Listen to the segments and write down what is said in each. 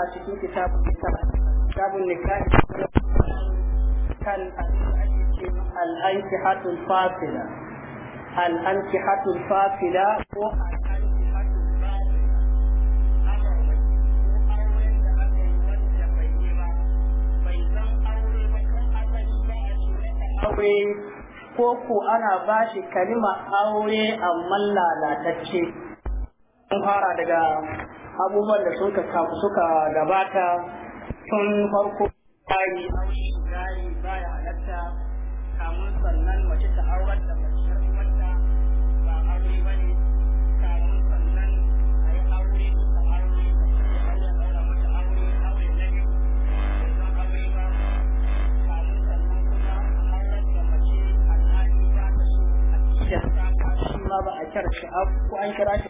suna cikin kitabun kitabun nikahi kan ake al-ankihatul fasila al-ankihatul fasila ko aure ko ko ana ba shi kalima aure amma lalatacce. Mun fara daga abubuwan da suka kafu suka gabata tun farko bayi bayi baya halatta kamun sannan mace ta auren da mace ta wanda ba aure ba ne kamun sannan a yi aure da ta aure da ta yi hanyar aure mace aure da aure na biyu da ta aure ba kamun sannan kuma aurar da mace a nani ba ta so a cikin ba a kyar shi ko an kira shi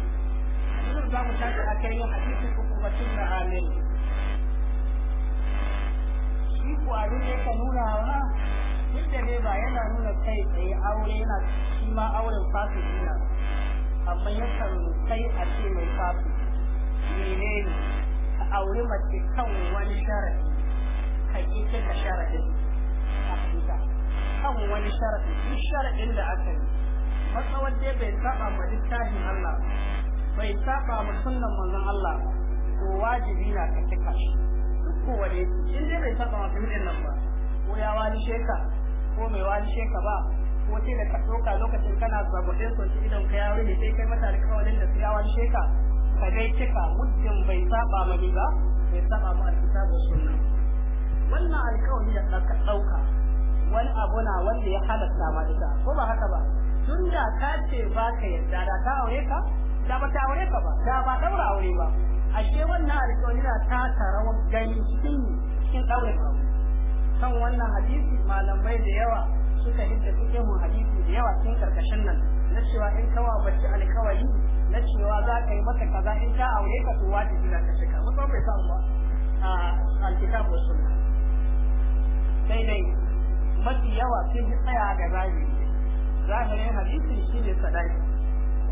za mu tashi a kai hadisin hukumatun na amin shi ko abin da yake nuna wa duk da ne ba yana nuna kai tsaye aure yana shi ma auren fasiki na amma yakan kai a ce mai fasiki menene ka aure mace kan wani sharadi ka ita da sharadin a fita kan wani sharadi duk sharadin da aka yi matsawar dai bai saba ma littafin Allah bai saba ma sunnan manzon Allah to wajibi na ka cika shi duk kowane in dai bai saba ma sunnan nan ba ko ya wani sheka ko mai wani sheka ba ko sai da ka doka lokacin kana zabuɗe so shi idan ka yawo ne sai kai mata alƙawarin da ya wani sheka ka dai cika muddin bai saba ma ni ba bai saba ma alkitabu sunna wannan alƙawari da ka ɗauka wani abu na wanda ya halatta ma ita ko ba haka ba tun da ka ce ba ka yarda da ka aure ka da ba ta aure ka ba da ba daura aure ba ashe wannan alƙawari na ta tarawar gani cikin cikin daure ka kan wannan hadisi malamai da yawa suka hidda suke mun hadisi da yawa cikin karkashin nan na cewa in kawa bacci alƙawari na cewa za ka yi maka kaza in ka aure ka to wajibi za ka shika mun bai samu ba a alkitab wa sunna sai dai mafi yawa sun yi tsaya ga zahiri zahirin hadisi shi shine sadaki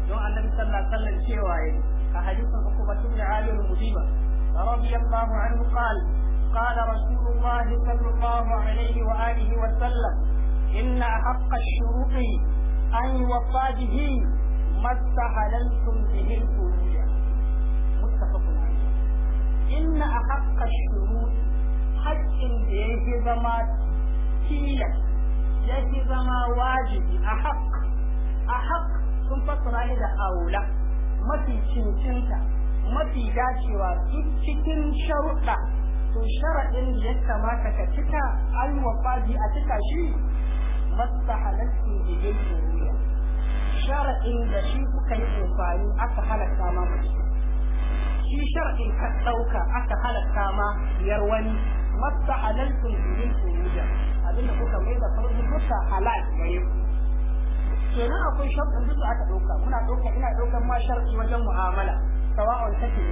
don annabi sallallahu alaihi wasallam cewa yi, a hadisin kuma ibn ali al-mudiba radiyallahu anhu qala qala rasulullah sallallahu alaihi wa alihi wa sallam inna haqqa ash-shuruqi an yuwaffa ما استحللتم به الفروج متفق إن أحق الشروط حق يجب ما تيلك يجب ما واجب أحق أحق sun fassara shi da aula mafi cincinta mafi dacewa duk cikin sharuɗa to sharaɗin da ya kamata ka cika alwafa bi a cika shi mastahalattu da yake ruya sharaɗin da shi kuka yi amfani aka halatta ma mutum shi shar'in ka ɗauka aka halatta ma yar wani masta halaltun birin turuja abinda kuka mai da farko duka halal gare ku kenan akwai sharɗin duk aka ɗauka muna ɗauka ina ɗaukan ma sharɗi wajen mu'amala sawa'un ta ke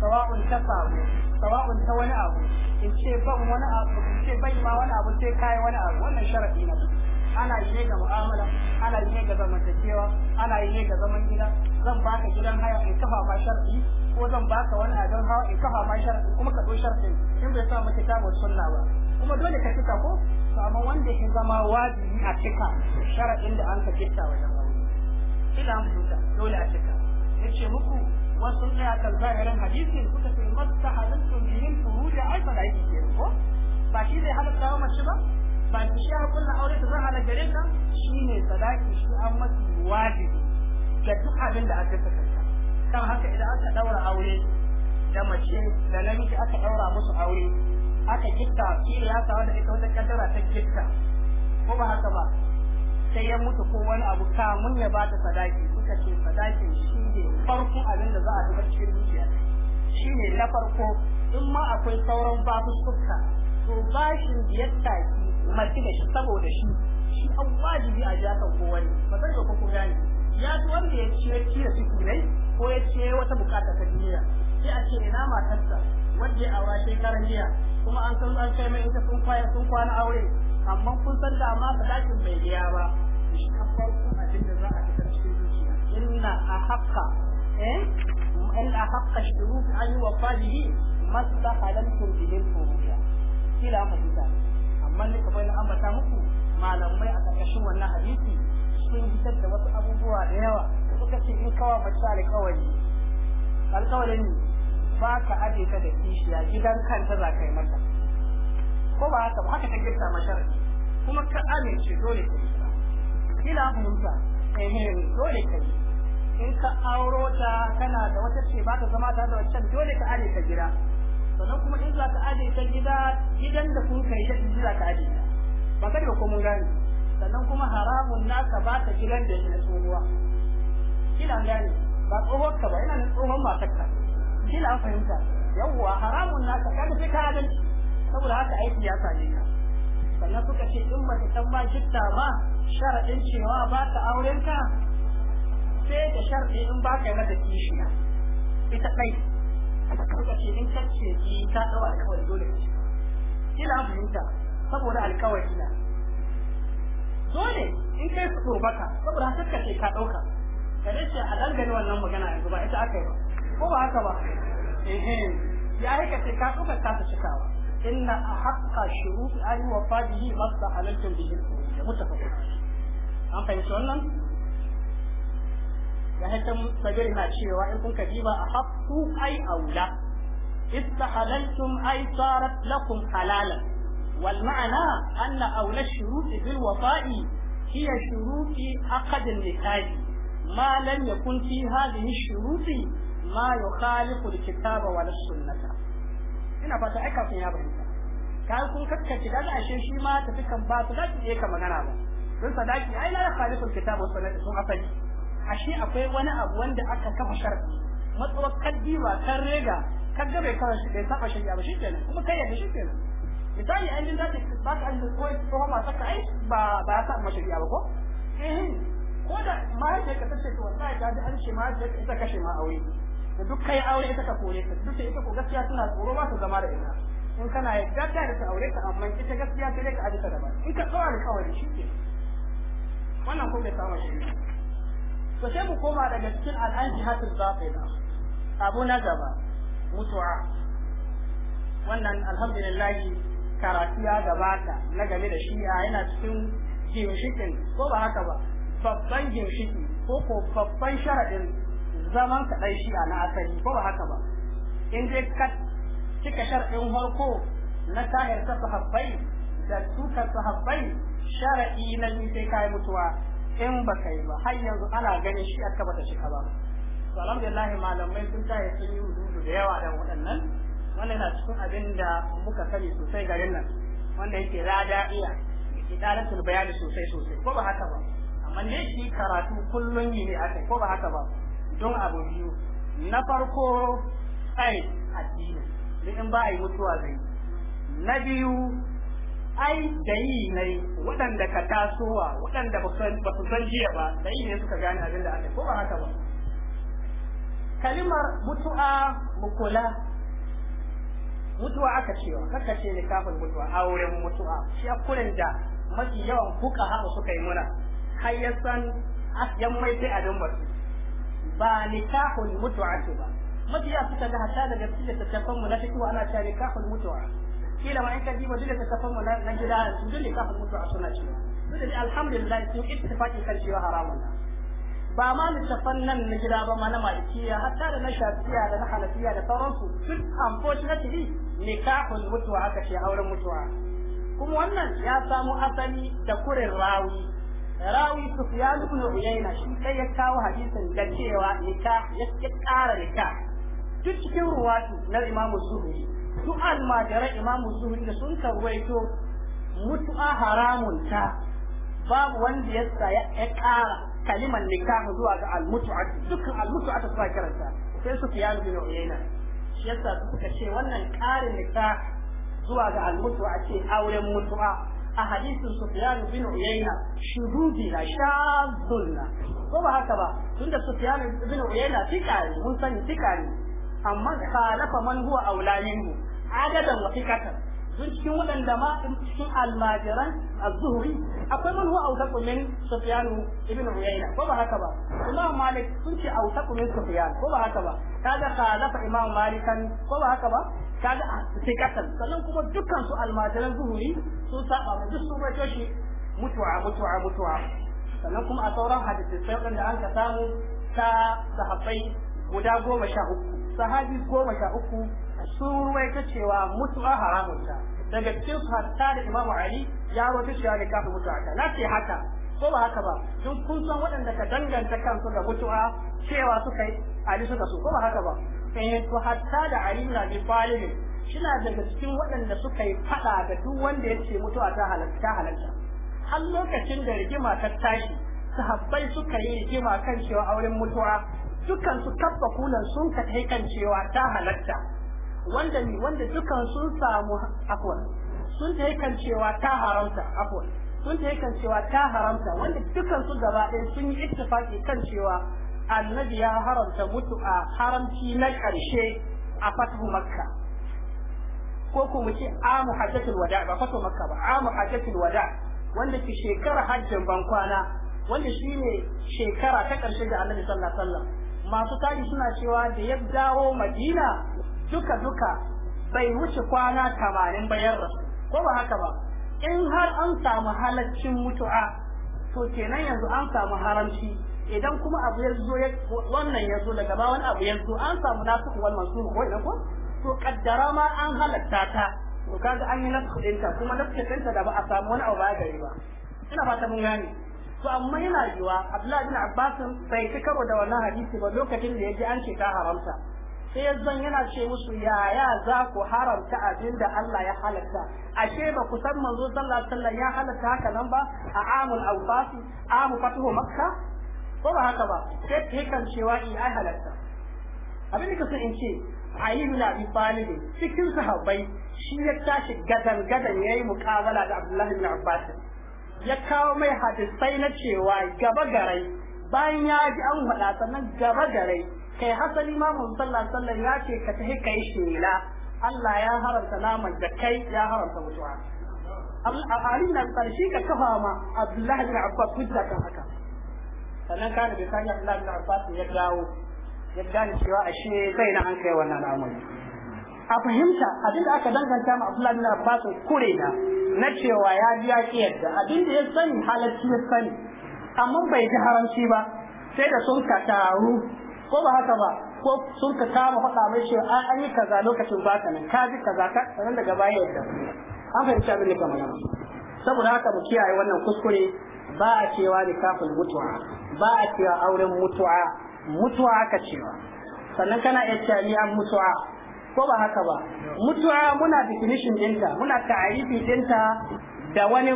sawa'un ta faru sawa'un ta wani abu in ce ban wani abu in ce ban ma wani abu sai kai wani abu wannan sharadi na ana yi ne ga mu'amala ana yi ne ga zamantakewa ana yi ne ga zaman gida zan baka gidan haya in kafa ma sharadi ko zan baka wani abin hawa in kafa ma sharadi kuma ka ɗau sharadi in bai sa maka kitabun sunna ba kuma dole ka cika ko to amma wanda ya zama wajibi a cika sharadin da an ka cika wajen aure ila mutunta dole a cika ce muku wasu ne akan zahirin hadisi kuka ce masta halaltum bihin furuja ai fa da yake ko ba shi zai halatta wa mace ba ba ki shi a kulla aure ta zama gare ka ne sadaki shi an mafi wajibi ga duk abin da aka saka kan haka idan aka daura aure da mace da namiji aka daura musu aure aka gitta kila ya sawa da ita wata kaddara ta gitta ko ba haka ba sai ya mutu ko wani abu kamun ya bata sadaki suka ce sadakin shi ne farko abin da za a zubar cikin dukiya shi ne na farko in ma akwai sauran babu suka to bashin biyar taki mace da shi saboda shi shi an wajibi a ja kan kowani ba zai ko ko gani ya ji wanda ya ce ci da su ne ko ya ce wata bukata ta duniya sai a ce ina matarsa wanda ya wace shekaran jiya kuma an san an kai mai ita sun kwaya sun kwana aure amma kun san da amma dakin bai biya ba shi kan farko abin da za a fitar cikin zuciya inna a haka eh in an yi wa fadihi masu da halantar jinin furuya kila fahimta amma ne kamar na ambata muku malamai a ƙarƙashin wannan hadisi sun fitar da wasu abubuwa da yawa suka ce in kawa mace alƙawari alƙawarin ba ka aje ta da kishiya gidan kanta za ka yi mata ko ba haka ba haka ta girta mashar kuma ka amince dole ka yi kila fahimta eh dole ka yi in ka auro ta kana da wata ce ba ka zama ta da wacce dole ka aje ka gida sannan kuma in za ka aje ta gida gidan da kun kai da in za ka aje ta ba ka da ko mun gane sannan kuma haramun naka ba ta gidan da yake na tsohuwa kina gane ba tsohuwar ka ba ina na tsohon matar ka kina an fahimta yawwa haramun naka ka kada sai ka adalci saboda haka aiki ya same ka sannan suka ce in ba ta san ma gitta ba sharaɗin cewa ba ta auren sai da sharɗi in ba ka yi mata kishiya ita ɗai suka ce in kacce ki ta dawa alkawari dole ki kina fahimta saboda alkawari na dole in kai su baka saboda haka ka ce ka dauka kada ce a dangane wannan magana yanzu ba ita aka yi ba ko ba haka ba eh ya aika ce ka kuka ta cikawa inna haqqa shuruti an wafa su masta halaltum bihi mutafaqun an fahimci wannan da hakan na cewa in kun ka diba a haqqu ai aula istahalaltum ai sarat lakum halalan wal ma'ana anna aula shuruti bil wafa'i hiya shuruti aqd al nikahi ma lam yakun fi hadhihi shuruti ma yukhalifu al kitaba wal sunnah ina fata ai da ashe shi ma tafi kan ba su za su magana ba don sadaki ai la yukhalifu al Kitabu sun asali ashe akwai wani abu wanda aka kafa sharadi matsawar kaddi ba kan rega kaga bai kawo shi bai saba shari'a ba shikenan kuma kai yadda shikenan misali an din zaki ba ka an ko ko ma saka ai ba ba ta ma shari'a ba ko eh ko da ma ya ka tace to wallahi ta da an ce ma ya ita kashe ma aure da duk kai aure ita ka kore ta duk ita ko gaskiya tana tsoro ba ta zama da ita in kana yadda ta da ta aure ka amma ita gaskiya sai ka aje ta da ba in ka tsawar kawai shi shikenan wannan ko bai samu shari'a to sai mu koma daga cikin al'anji al'anjihatul batila abu na gaba mutuwa. wannan alhamdulillah karatu ya gabata na game da shi'a yana cikin ginshikin ko ba haka ba babban ginshiki ko ko babban sharaɗin zaman ka ɗan shi'a na asali ko ba haka ba in dai ka cika sharaɗin farko na tahir ta sahabbai da tukar sahabbai sharaɗi na ni sai kayi mutuwa in ba kai ba har yanzu ana ganin shi aka bata shi ba to alhamdulillah malamai sun ta sun yi hudu da yawa da waɗannan wannan na cikin abin da muka sani sosai garin nan wanda yake rada iya idaratul bayani sosai sosai ko ba haka ba amma ne shi karatu kullun yi ne aka ko ba haka ba don abu biyu na farko tsaye addini in ba a yi mutuwa zai na biyu ai da yi ne waɗanda ka tasowa waɗanda ba su san jiya ba da yi ne suka gane abin da aka ko ba haka ba kalimar mutu'a mukula mutuwa aka cewa kaka ce ne kafin mutuwa auren mutu'a shi akurin da mafi yawan kuka haɓa suka yi muna har ya san yan mai sai abin batu ba ni kafin mutu'a ce ba mafi yawa suka ga hata daga cikin tattafan mu na fitowa ana cewa kafin mutu'a kila ma in ka diba duk da kafan mu na gida duk da kafan mutu a suna cewa duk da alhamdulillah sun ittifaqi kan cewa haramun ba ma tafan nan na gida ba ma na malikiya hatta da na shafiya da na hanafiya da sauransu duk unfortunately kafin mutuwa aka ce auren mutuwa kuma wannan ya samu asali da kurin rawi rawi sufyan ibn uyayna shi sai ya kawo hadisin da cewa nikah ya ƙara nikah duk cikin ruwatu na imamu zuhri Mutu'ar almajiran imamu zuhri da sun karwaito mutu'a haramun ta babu wanda ya saya ya ƙara kalimar nikahu zuwa ga almutu'a dukkan almutu'a ta suka karanta sai su fiya bin uyayna shi yasa suka ce wannan ƙarin nikah zuwa ga almutu'a ce auren mutu'a a hadisin Sufyan bin Uyayna shududi la shadunna ko ba haka ba tunda Sufyan bin Uyayna tika ne mun sani tika ne amma khalafa man huwa aula minhu adadan wa fikatan dun cikin waɗanda ma cikin almajiran az-zuhri akwai man huwa awsaqu min sufyan ibn uyayna ko ba haka ba imam malik sun ce awsaqu min sufyan ko ba haka ba kaga khalafa imam malikan ko ba haka ba kaga fikatan sannan kuma dukkan su almajiran zuhri sun saba ma duk su bace shi mutu'a mutu'a mutu'a sannan kuma a sauran hadisi sai wanda an ka samu ta sahabbai guda goma sha uku sahabi goma sha uku sun ruwaita cewa mutuwa haramun ta daga cikin fata da imamu ali ya wata cewa ne kafin mutuwa ta na ce haka ko ba haka ba duk kun san waɗanda ka danganta kansu da mutuwa cewa suka yi ali suka so ko ba haka ba eh to hatta da ali na bi falilin shina daga cikin waɗanda suka yi faɗa da duk wanda ya ce mutuwa ta halatta halatta har lokacin da rigima ta tashi sahabbai suka yi rigima kan cewa auren mutuwa dukkan su kabba kulan sun ka kai kan cewa ta halatta wanda ne wanda dukan sun samu afwan sun ta kan cewa ta haramta afwan sun ta kan cewa ta haramta wanda dukan su gaba ɗaya sun yi ittifaki kan cewa annabi ya haramta mutu a haramci na ƙarshe a fatu makka ko ko mu ce amu hajjatul wada ba fatu makka ba amu hajjatul wada wanda ke shekara hajjin bankwana wanda shine shekara ta ƙarshe da annabi sallallahu alaihi wasallam masu tari suna cewa da ya dawo madina duka duka bai wuce kwana tamanin bayan rasu ko ba haka ba in har an samu halaccin mutu'a to kenan yanzu an samu haramci idan kuma abu ya zo wannan ya zo daga ba wani abu ya zo an samu nasu wal mansur ko ina ko to kaddara ma an halatta ta to kaga an yi nasu ta kuma nasu ɗinta da ba a samu wani abu ba gari ba ina fata mun gane to amma yana yiwa Abdullahi bin Abbas bai ci karo da wannan hadisi ba lokacin da ya je an ce ta haramta sai zan yana ce musu yaya za ku haramta abin da Allah ya halatta ashe ba ku san manzo sallallahu alaihi wasallam ya halatta haka nan ba a amul awfasi amu fatuhu makka ko ba haka ba sai kan cewa i eh, ai halatta abin da kusa in ce Ali bin Abi Talib cikin sahabbai shi ya tashi gadan gadan yayi muqabala da Abdullah ibn Abbas ya kawo mai hadisai na cewa gaba garai bayan ya ji an faɗa sannan gaba garai kai hasali ma mun sallallahu ya ce ka tahi kai shela Allah ya haramta naman da kai ya haramta mutuwa Ali na karshe ka kafa ma Abdullah bin Abbas hujja kan haka sannan kana da sanya Abdullah bin Abbas ya dawo ya gane cewa ashe sai na an kai wannan al'amari a fahimta abinda aka danganta ma Abdullah bin Abbas kure na na cewa ya ji ya kiyarda abinda ya sani halacci ya sani amma bai ji haramci ba sai da sun ka taru ko ba haka ba ko sun ka kama faɗa mai shi an yi kaza lokacin ba ka nan ka ji kaza ka sanan daga baya yadda an fahimci abin da kamar saboda haka mu kiyaye wannan kuskure ba a cewa kafin mutuwa ba a cewa auren mutuwa mutuwa aka cewa sannan kana iya cewa ni an mutuwa ko ba haka ba mutuwa muna definition ɗinta muna ta'arifi ɗinta da wani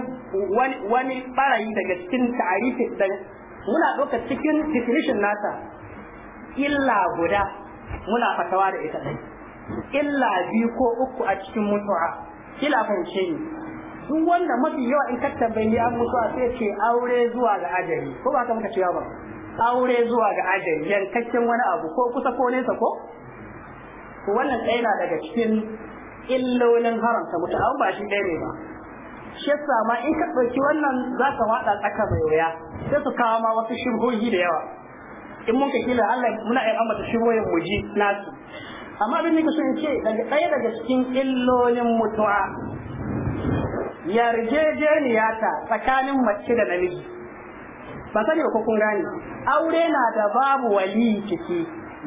wani wani barayi daga cikin ta'arifi muna ɗauka cikin definition nata illa guda muna fatawa da ita ɗai illa biyu ko uku a cikin mutuwa kila fahimce ni duk wanda mafi yawa in ka tambayi an mutu'a sai ce aure zuwa ga ajali ko ba ka muka cewa ba aure zuwa ga ajali yankakken wani abu ko kusa ko nesa ko wannan ɗaya na daga cikin illolin haramta mutu an ba shi ɗaya ne ba shi yasa ma in ka ɗauki wannan za ka waɗa tsaka mai wuya sai su kawo ma wasu shirhohi da yawa in mun ka kila Allah muna ai ambata shiroyin muji nasu amma abin da kusa ce daga ɗaya daga cikin illolin mutu'a Yarjejeniyata ta tsakanin mace da namiji ba sani ko kun gane aure na da babu wali ciki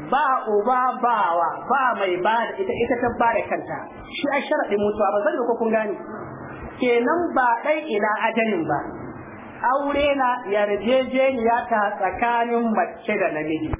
ba uba bawa ba mai ba da ita ita ta ba da kanta shi a sharaɗin mutuwa ba sani ko kun gane kenan ba ɗai ila ajalin ba aure na yarjejeniya ta tsakanin mace da namiji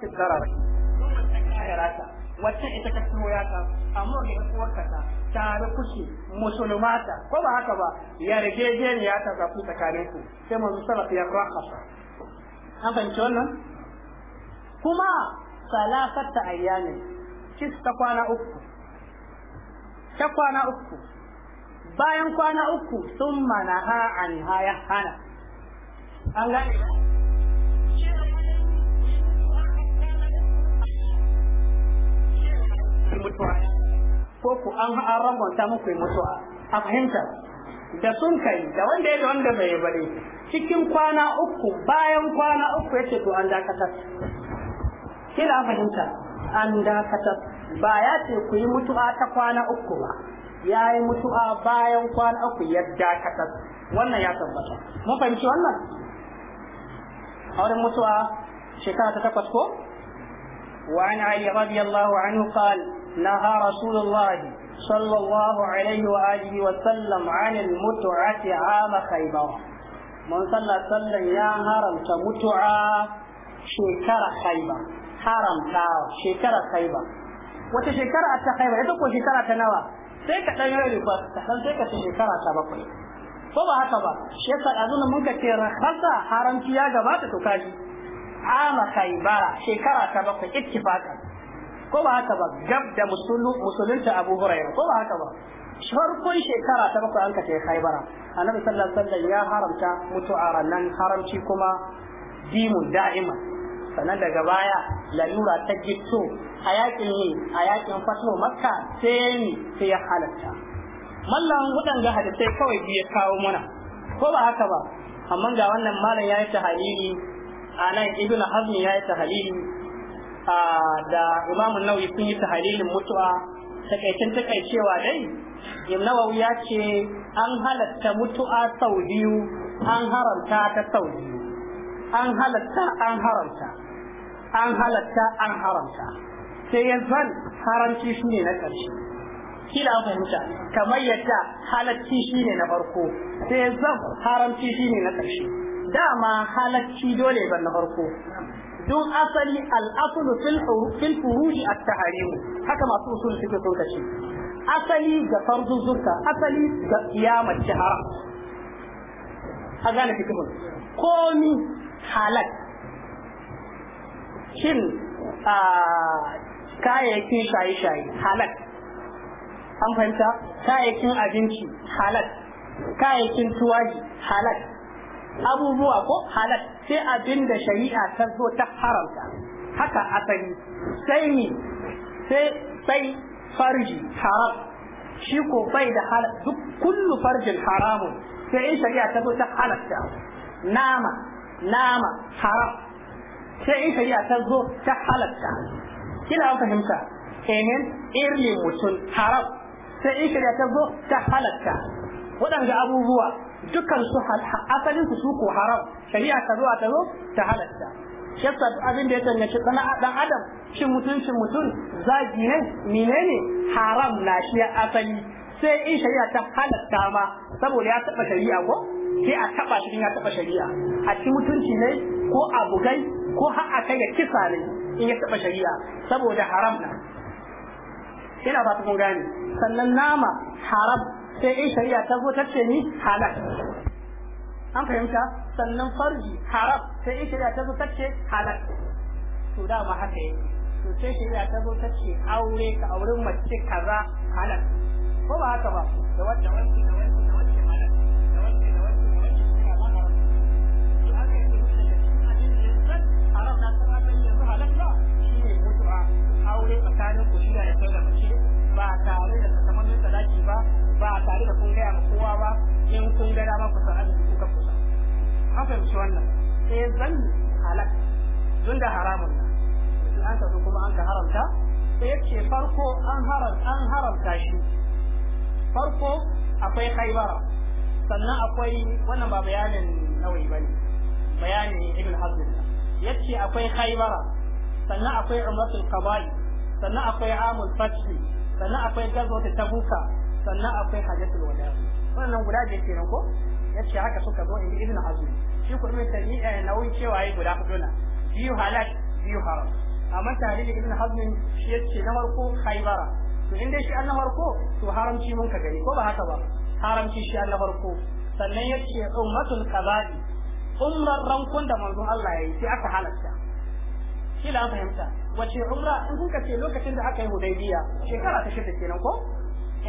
ka tsara rai khairata wacce ita ka tsoro ya ta amma ga uwar ka ta da kuke musulmata ko ba haka ba Ya ta ga ku tsakanin ku sai manzo salaf ya rahasa an fahimci wannan kuma salasatta ayyamin kis ta kwana uku ta kwana uku bayan kwana uku sun manaha an haya hana an gane ku mutuwa ko ku an rangwanta muku mutuwa a fahimta da sun kai da wanda ya da wanda bai bare cikin kwana uku bayan kwana uku yace to an dakatar kila fahimta an dakatar ba ya ce ku yi mutuwa ta kwana uku ba ya yi mutuwa bayan kwana uku ya dakata wannan ya tabbata mun fahimci wannan auren mutuwa shekara ta takwas ko وعن علي رضي الله عنه قال نهى رسول الله صلى الله عليه وآله وسلم عن المتعة عام خيبر من صلى صلى يا هرم تمتعة شكر خيبر هرم تاو شكر خيبر wata shekara a ta khaibar ita ko ta nawa sai ka dan yare ba ta san sai ka ce shekara ko ba haka ba shi yasa azuna mun ka ya gabata to kaji ama khaibara shekara ta bakwai ko ba haka ba gab da musulunta abu huraira ko ba haka ba farkon shekara ta bakwai an ka ta khaibara annabi sallallahu alaihi wasallam ya haramta mutu'a ranan haramci kuma dimun da'ima sannan daga baya lalura ta gitto a yakin ne a yakin fatuwa makka sai sai ya halatta mallan hudan ga hadisai kawai biya kawo mana ko ba haka ba amma ga wannan malam yayi tahalili anan ibnu hazmi yayi tahalili da imamu nawawi sun yi tahalilin mutu'a takaicin takaicewa dai imam nawawi ya ce an halatta mutu'a sau biyu an haramta ta sau biyu an halatta an haramta an halatta an haramta sai zan haramci shi ne na ƙarshe kila fahimta kamar yadda halacci shi ne na farko sai zan haramci shi ne na ƙarshe dama halacci dole ban na farko don asali al'asulu fil furuji at-tahrimu haka masu usul suke son kace asali ga fardu zukka asali ga kiyamar shahara a gane fikimin komi halal shin a kayayyakin shaye-shaye halal an fahimta kayayyakin abinci halal kayayyakin tuwaji halal abubuwa ko halal sai abin da shari'a ta zo ta haramta haka asali sai ni sai sai farji haram shi ko bai da halal duk kullu farjin haramu sai in shari'a ta zo ta halatta nama nama haram sai in shari'a ta zo ta halatta kila an fahimta kenan irin mutum haram sai in shari'a ta zo ta halatta waɗanda abubuwa dukkan su asalin su su haram shari'a ta zo ta zo ta halatta shasta abin da ya tanyaci sana'a dan adam shin mutuncin mutum zagi ne menene haram na shi asali sai in shari'a ta halatta ma saboda ya taba shari'a ko sai a taba shi ya taba shari'a a cikin mutunci ne ko bugai ko har a kai ga kisa ne in ya taba shari'a saboda haram na ina ba ta kun gane sannan nama haram sai in shari'a ta zo ta ce ni halal an fahimta sannan farji haram sai in shari'a ta zo ta ce halal to dama haka yake to sai shari'a ta zo ta ce aure ka auren mace kaza halal ko ba haka ba da wacce wacce da da halal da da da da a haram na da yanzu halal ba shi ne aure tsakanin ku da ya ba tare da sakamakon sadaki ba ba tare da kun gaya ma kowa ba in kun gaya ba ku san arziki kuka kusa an fahimci wannan sai eh, zan halak zun da haramun nan an tafi kuma an ka haramta sai ce farko an haram an haramta shi farko akwai khaibara sannan akwai wannan ba bayanin nawai bane bayanin ibn hazm yace akwai khaibara sannan akwai umratul qada'i sannan akwai amul fathi sannan akwai ta tabuka sannan akwai hajjatul wada wannan guda biyar kenan ko yace haka suka zo in ibn azmi shi ku ibn tamiya nauyi cewa yi guda hudu na biyu halal biyu haram amma tare da ibn hazmi shi yace na farko khaybara to inda shi an na farko to haramci mun ka gani ko ba haka ba haramci shi an na farko sannan yace ummatul qaba'i ummar rankun da manzon Allah yayi sai aka halatta shi la fahimta wace umra in kuka ce lokacin da aka yi hudaybiya shekara ta shida kenan ko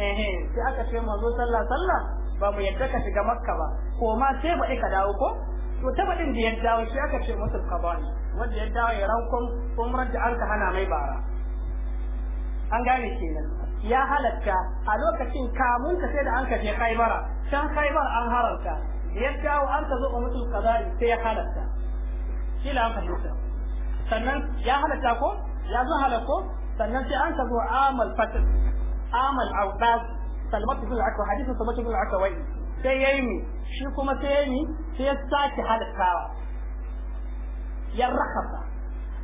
eh sai aka ce manzo sallah sallah ba mu yadda ka shiga makka ba ko ma sai ba ka dawo ko to ta badin da ya dawo sai aka ce musu kabani wanda ya dawo ya rankon umrar da an ka hana mai bara an gane kenan ya halatta a lokacin kamun ka sai da an ka je khaibara can khaibar an haramta da ya dawo an ka zo mutum kazari sai ya halatta shi la an fahimta sannan ya halatta ko ya zo halako sannan sai an ka zo amal fatil amal awdas salmatu bil akwa hadithu salmatu bil akwa sai yayi mi shi kuma sai yayi mi sai ya sake halattawa ya rakasa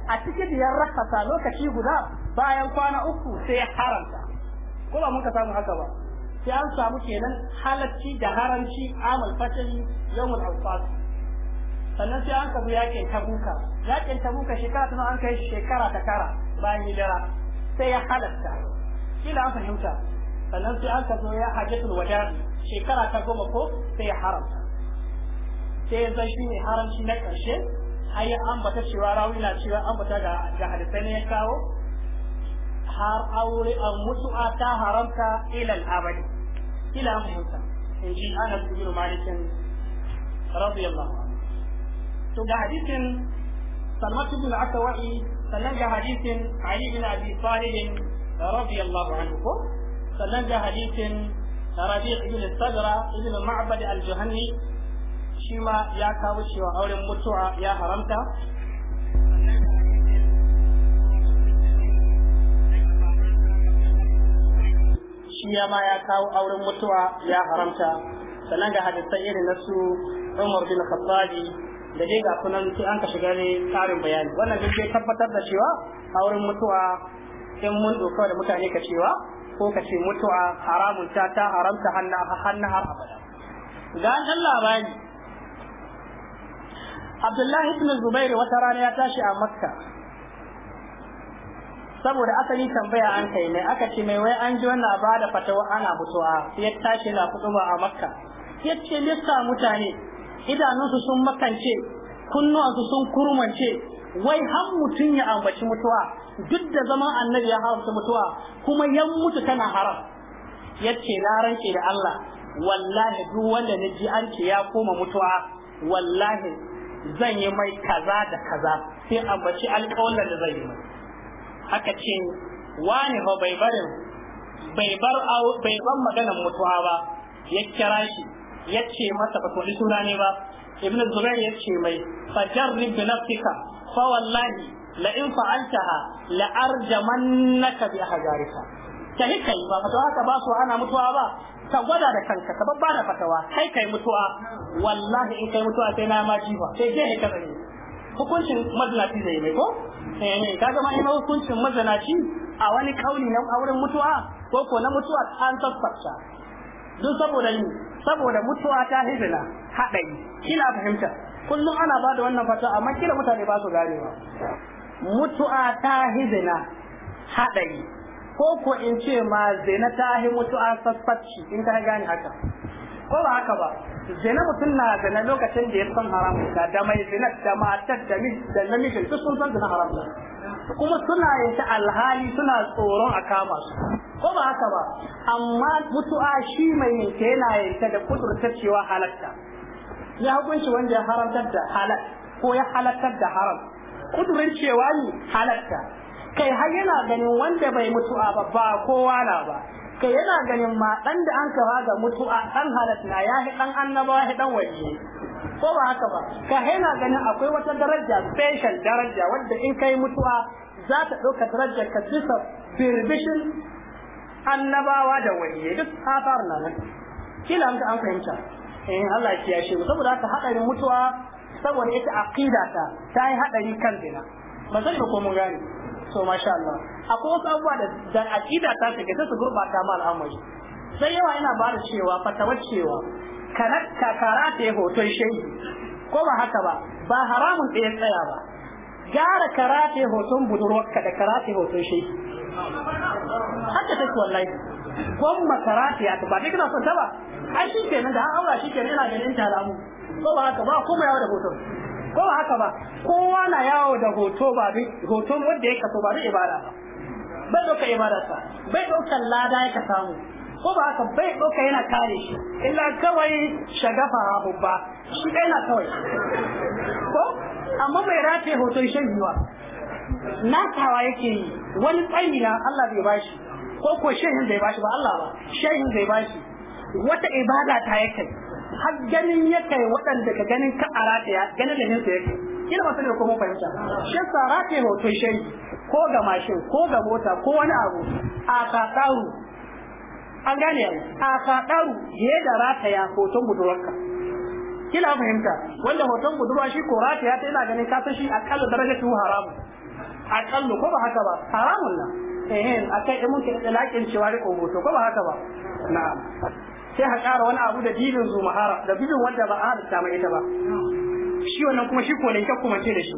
a cikin ya rakasa lokaci guda bayan kwana uku sai ya haranta ko ba mun ka samu haka ba sai an samu kenan halacci da haranci amal fatil yawmul awdas sannan sai an kabu yakin tabuka yakin tabuka shekara tana an kai shekara ta kara bayan hijira sai ya halatta kila an fahimta sannan sai an kabu ya hajjatul wada shekara ta goma ko sai ya haramta sai ya zai shine haramci na karshe ai ambata cewa rawi na cewa ambata ga ga hadisai ne ya kawo har aure an mutu'a ta haramta ila abadi kila an fahimta in ji anas bin malikin radiyallahu to ga hadisin salmat ibn akawai sannan ga hadisin ali ibn abi talib radiyallahu anhu ko sannan ga hadisin rabiq ibn sadra ibn ma'bad al juhani shi ma ya kawo cewa auren mutuwa ya haramta shi ya ma ya kawo auren mutuwa ya haramta sannan ga hadisai irin na su Umar bin Khattabi da dai ga sunan sai an ka shiga ne karin bayani wannan duk tabbatar da cewa auren mutuwa in mun doka da mutane ka cewa ko ka ce mutuwa haramun ta ta haramta hannu har abada ga dan labari Abdullahi ibn Zubair wata rana ya tashi a Makka saboda asali tambaya an kai mai aka ce mai wai an ji wannan abada fatawa ana mutuwa sai ya tashi na kudu a Makka yace lissa mutane idanunsu sun makance kunnuwansu sun kurmance wai har mutum ya ambaci mutuwa duk da zaman annabi ya haramta mutuwa kuma yan mutu tana haram yace na rance da Allah wallahi duk wanda na ji an ce ya koma mutuwa wallahi zan yi mai kaza da kaza sai ambaci alƙawalan da zai yi mai haka ce wani ba bai barin bai bar bai ban maganar mutuwa ba ya kira shi yace masa ba kodi suna ne ba ibnu zubair ce mai fajarrib bi nafsika fa wallahi la in fa'altaha la arjamannaka bi ahjarika ta hikai ba fatawa ka ba su ana mutuwa ba ka gwada da kanka ka babba da fatawa kai kai mutuwa wallahi in kai mutuwa sai na ma jifa sai je ka bane hukuncin mazalaci zai mai ko eh, eh kaga ma ina hukuncin mazalaci a wani kauli na wurin mutuwa ko ko na mutuwa an tsaftsafta don saboda ni saboda mutuwa ta hijira haɗari kina fahimta kullum ana ba da wannan fata amma kila mutane ba su ganewa mutuwa ta hijira haɗari ko ko in ce ma zina ta hi mutuwa sassacci in ka gane haka ko ba haka ba zina mutum na zina lokacin da ya san haramun da mai zina da matar da namijin duk sun san zina haramun kuma suna yin ta alhali suna tsoron a kama su ko ba haka ba amma mutu'a shi mai yin yana yin ta da kudurta cewa halatta ya hukunci wanda ya haramtar da halat ko ya halattar da haram kudurin cewa ni halatta kai har yana ganin wanda bai mutu'a ba ba kowa na ba kai yana ganin ma dan da an kawa ga mutu'a dan halatta ya yi dan annabawa yi dan waje ko ba haka ba ka yana ganin akwai wata daraja special daraja wadda in kai mutu'a za ta ɗauka daraja ka birbishin annabawa da waje duk safar na nan kila an an fahimta eh Allah ya kiyashe mu saboda haka hadarin mutuwa saboda ita aqida ta ta yi hadari kan dina ba ko mun gane So masha Allah akwai wasu abubuwa da da aqida ta take ta su gurbata ma al'amari sai yawa ina ba da cewa fatawa cewa kana ka karate hoton shehi ko ba haka ba ba haramun ɗaya tsaya ba gara karate hoton budurwarka da karate hoton shehi haka take wallahi gwamma karate a ba ne kana son ta ba ai shi kenan da an aura shi kenan ina ganin ta alamu ko ba haka ba kuma yawa da hoton ko ba haka ba kowa na yawo da hoto ba bi hoto wanda ya kaso ba bi ibada ba bai ɗauka ta bai doka lada ya samu ko ba haka bai ɗauka yana kare shi illa kawai shagafa babba shi ɗaya na kawai ko amma bai rataye hoton shan na nasawa yake yi wani tsayi na Allah bai bashi ko ko shehin bai bashi ba Allah ba shehin bai bashi wata ibada ta yake har ganin ya kai waɗanda ka ganin ka a rataya ganin da nisa ya kai kila masu sani ko fahimta shi sa rataya hoton shayi ko ga mashin ko ga mota ko wani abu a tsatsaru an gane yau? a tsatsaru ya da rataya hoton budurwarka kila fahimta wanda hoton budurwa shi ko rataya ta yana ganin ka san shi akalla darajatu haramu aƙallu ko ba haka ba haramun nan eh akai kai ke da lakin cewa riƙon hoto ko ba haka ba na'am sai ka ƙara wani abu da dibin zumahara da dibin wanda ba a halitta mai ita ba shi wannan kuma shi ko ne kuma ce da shi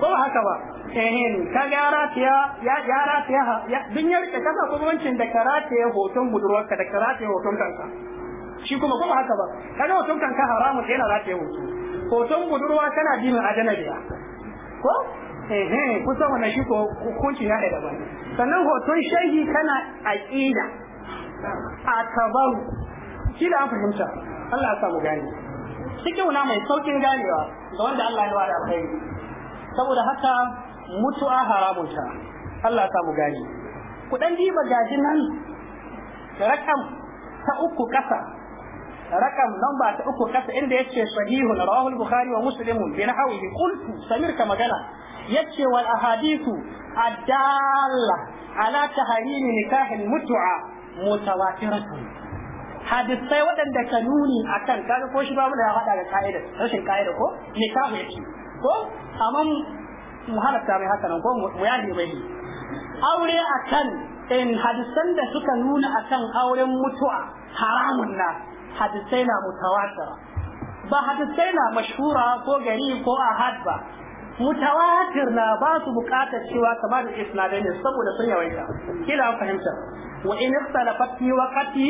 ko ba haka ba ehin ka ga ratiya ya ya ratiya din ya rike kasa wancin da karate hoton ka da karate hoton kanka shi kuma ko ba haka ba kaga hoton kanka haramun na ratiya hoto hoton budurwa kana dinin ajana biya ko ehe eh, kusa wannan shi ko kunci ya da ba. sannan hoton shehi kana aqida akabaru shi da an fahimta Allah ya samu gane cikin na mai saukin ganewa ga wanda Allah ya wada kai saboda haka mutu'a haramun ta Allah ya samu gane ku dan diba gaji nan rakam ta uku kasa rakam namba ta uku kasa inda yace sahihun rawahu al-bukhari wa muslim bi nahwihi qultu samir ka magana yace wal ahadithu adalla ala tahrimi nikahil al-mut'a mutawatiratun hadisai waɗanda ka nuni akan kaga ko shi babu da ya haɗa da ka'ida rashin ka'ida ko ne ka yake ko amma mu halatta mai haka nan ko mu yaje mai aure akan in hadisan da suka nuna akan auren mutuwa haramun na hadisai na mutawatira ba hadisai na mashhura ko gari ko ahad ba mutawatir na ba su bukatar cewa kamar isnadai ne saboda sun yawaita kila fahimta wa in ikhtalafat fi waqti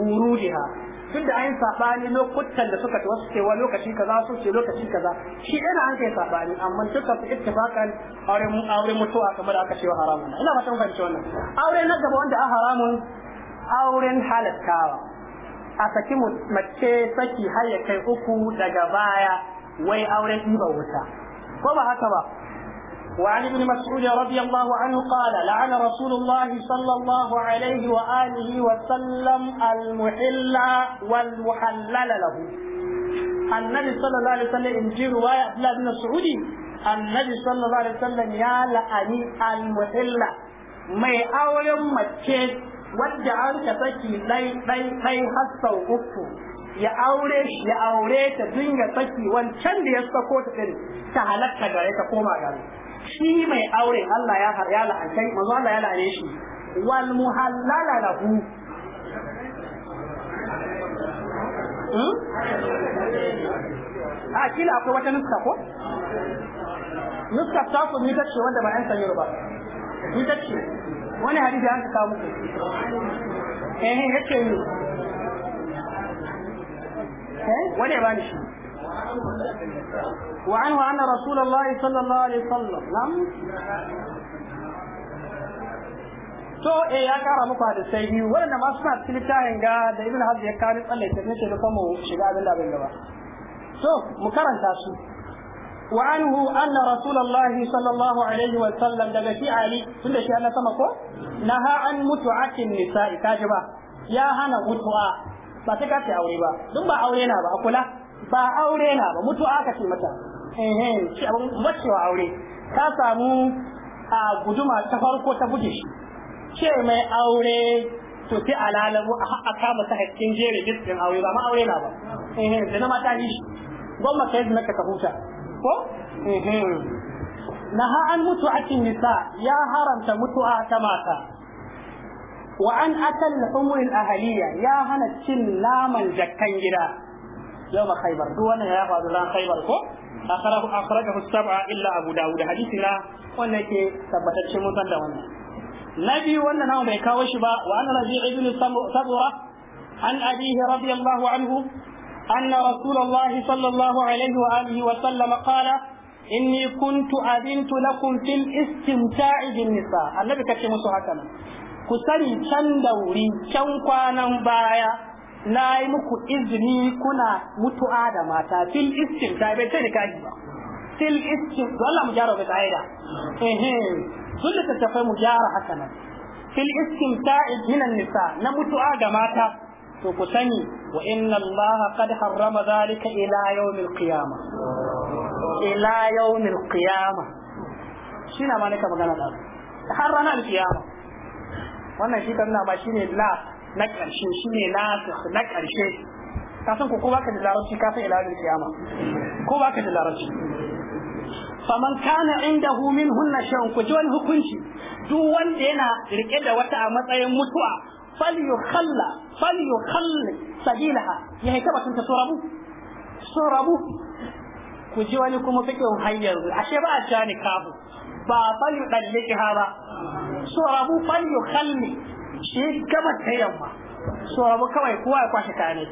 wurudiha tunda an sabani lokutan da suka tawassute cewa lokaci kaza su ce lokaci kaza shi ina an kai sabani amma duka su ittifaqan aure mun aure mutuwa kamar aka cewa haramun ina ba tan fahimci wannan aure na gaba wanda an haramun auren halattawa a saki mace saki har ya kai uku daga baya wai auren ɗiba wuta ko ba haka ba وعن ابن مسعود رضي الله عنه قال لعن رسول الله صلى الله عليه وآله وسلم المحل والمحلل له النبي صلى الله عليه وسلم في رواية بن مسعود النبي صلى الله عليه وسلم يا لأني المحل ما أول mace wadda an ka saki ɗai ɗai ɗai har sau يا أوريش aure shi ya aure ta dinga saki wancan da ya shi mai aure Allah ya har ya la'anta manzo Allah ya la'ane shi wal muhallala lahu hmm? a kila akwai wata nuska ko nuska ta ku ni tace wanda ba an san ba ni tace wani hadisi an kawo muku eh eh yace ni eh wani ba ni shi وعنه أن رسول الله صلى الله عليه وسلم لم to eh ya kara muku da sai biyu waɗanda ma suna cikin littafin ga da ibn hajj ya kare tsalle ta nace da kuma shiga abin da abin gaba to mu karanta su wa anhu anna rasulullahi sallallahu alaihi wa sallam daga fi ali tunda shi Allah sama ko naha an mutu'atin nisa'i kaji ba ya hana mutu'a ba ta kace aure ba duk ba aure na ba akula ba aure na ba mutu aka ce mata eh eh macewa aure ta samu a guduma ta farko ta buge shi ce mai aure to sai alalabu a kama ta hakkin jere diskin aure ba ma aure na ba eh eh da mata yi shi gwamma kai zina ka huta ko eh eh naha an mutu akin nisa ya haramta mutu'a ta mata wa an atal umrul ahaliya ya hana cin laman jakkan gida yawma khaybar duk wannan ya faru ran khaybar ko akhrajahu akhrajahu sab'a illa abu dawud hadisi na wannan yake tabbatacce mun san da wannan na biyu wannan nawa bai kawo shi ba wa an rabi ibn sabura an abihi radiyallahu anhu أن رسول الله صلى الله عليه وآله وسلم قال إني كنت أذنت لكم في الاستمتاع بالنساء النبي كتب مسوحة كما ku sani can da wuri can kwanan baya na yi muku izini kuna mutu'a da mata fil istin ta bai ce nikahi ba fil istin wallah mu gyara bai eh eh dole da tattafai mu gyara haka nan fil istin ta minan nisa na mutu'a ga mata to ku sani wa inna Allah qad harrama zalika ila yawmil qiyama ila yawmil qiyama shine ma nake magana da har ranar kiyama wannan shi kan na ba shine la na ƙarshe shi ne na na ƙarshe ka san ko baka da larabci ka san ila yawmil qiyama ko baka da larabci faman kana indahu minhunna shan ku ji wani hukunci duk wanda yana rike da wata a matsayin mutuwa falyukhalla falyukhalli sabilaha ya haika batun ta sorabu sorabu ku ji wani kuma fikin hanyar ashe ba a jani kafu ba falyu dalliki ha ba sorabu falyukhalli shi gabas ta yamma so abu kawai kowa ya kwashe kane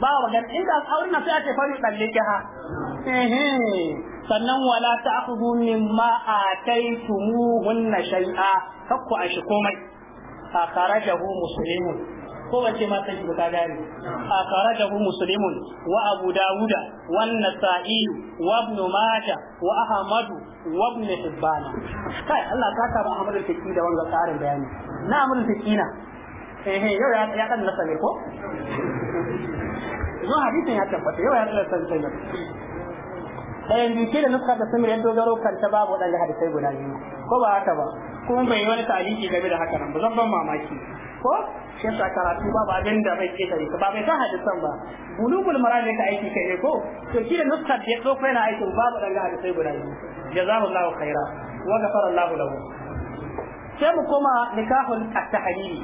ba wa gan inda na sai a ce fari tsalle ha sannan wala ta akudu mimma hunna shay'a kakku a shi komai a karajahu muslimun ko wace ce ma sai ka gane fa karajahu muslimun wa abu dawuda wa nasa'i wa ibn majah wa ahmadu wa ibn hibban kai Allah ka ta Muhammadu da wanga tsarin bayani na amul fitina eh yau ya ya dan nasa ne ko zo hadisin ya tabbata yau ya dan nasa ne ɗayan biyu da nuska ta samir yadda dogaro kanta babu waɗanda hadisai guda biyu ko ba haka ba kuma bai yi wani taliki game da haka nan ba zan ban mamaki ko shi yasa karatu ba ba abin da bai ketare ba bai san hadisan ba bulugul maram ne ka aiki kai ne ko to shi da nuska ya ɗauko yana aikin babu waɗanda hadisai guda biyu jazakallahu khaira wa ghafara Allahu lahu sai mu koma nikahul at-tahrimi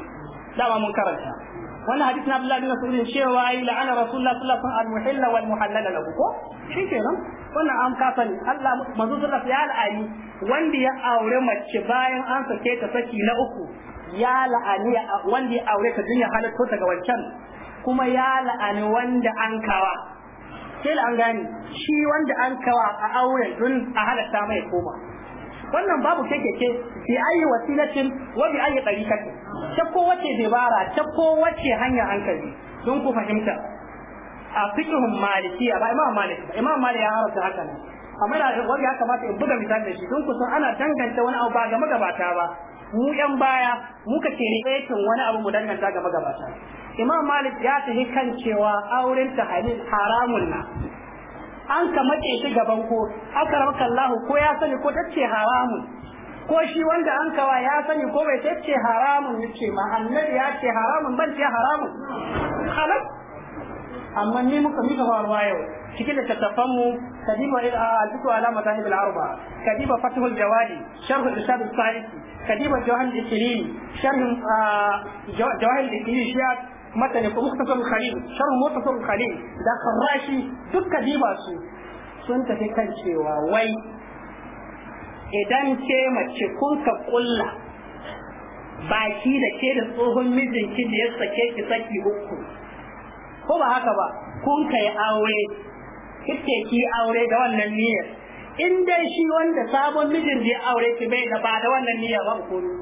dama mun karanta wannan hadisin Abdullah bin Mas'ud cewa ai la'ana Rasulullah sallallahu alaihi wasallam al-muhilla wal muhallala lahu ko kenan wannan an kafani Allah manzo sallallahu ya la'ani wanda ya aure mace bayan an sake ta saki na uku ya la'ani wanda ya aure ta dunya halatto ta ga wancan kuma ya la'ani wanda an kawa sai an gani shi wanda an kawa a aure dun a halatta mai koma wannan babu kekeke fi ayi wasilatin wa bi ayi tariqatin ta ko wace dabara ta ko wace hanya an kaji don ku fahimta a fiqhun maliki ba imam malik imam malik ya harata haka ne amma da wani ya kamata in buga misali da shi don ku san ana danganta wani abu ba ga magabata ba mu yan baya muka ce rikin wani abu mu danganta ga magabata imam malik ya tafi kan cewa auren tahalil haramun na an ka mace shi gaban ko aka rauka Allah ko ya sani ko tace haramun ko shi wanda an kawa ya sani ko bai tace haramun yace ma annabi ya ce haramun ban ce haramun halal amma ni muka mika faruwa yau cikin littattafan mu kadiba ila al-fitu ala madahib al-arba kadiba fathul jawadi sharh al-irshad al-sa'idi kadiba jawhar al-ikilini sharh jawhar al-ikilini mata ko muktasar khalil sharh muktasar khalil da farashi dukka diba su sun tafi kan cewa wai idan ke mace kun ka kulla baki da ke da tsohon mijinki da ya sake ki saki uku ko ba haka ba kun ka yi aure kike ki aure da wannan niyyar in dai shi wanda sabon mijin da ya aure ki bai da ba da wannan niyyar babu koyo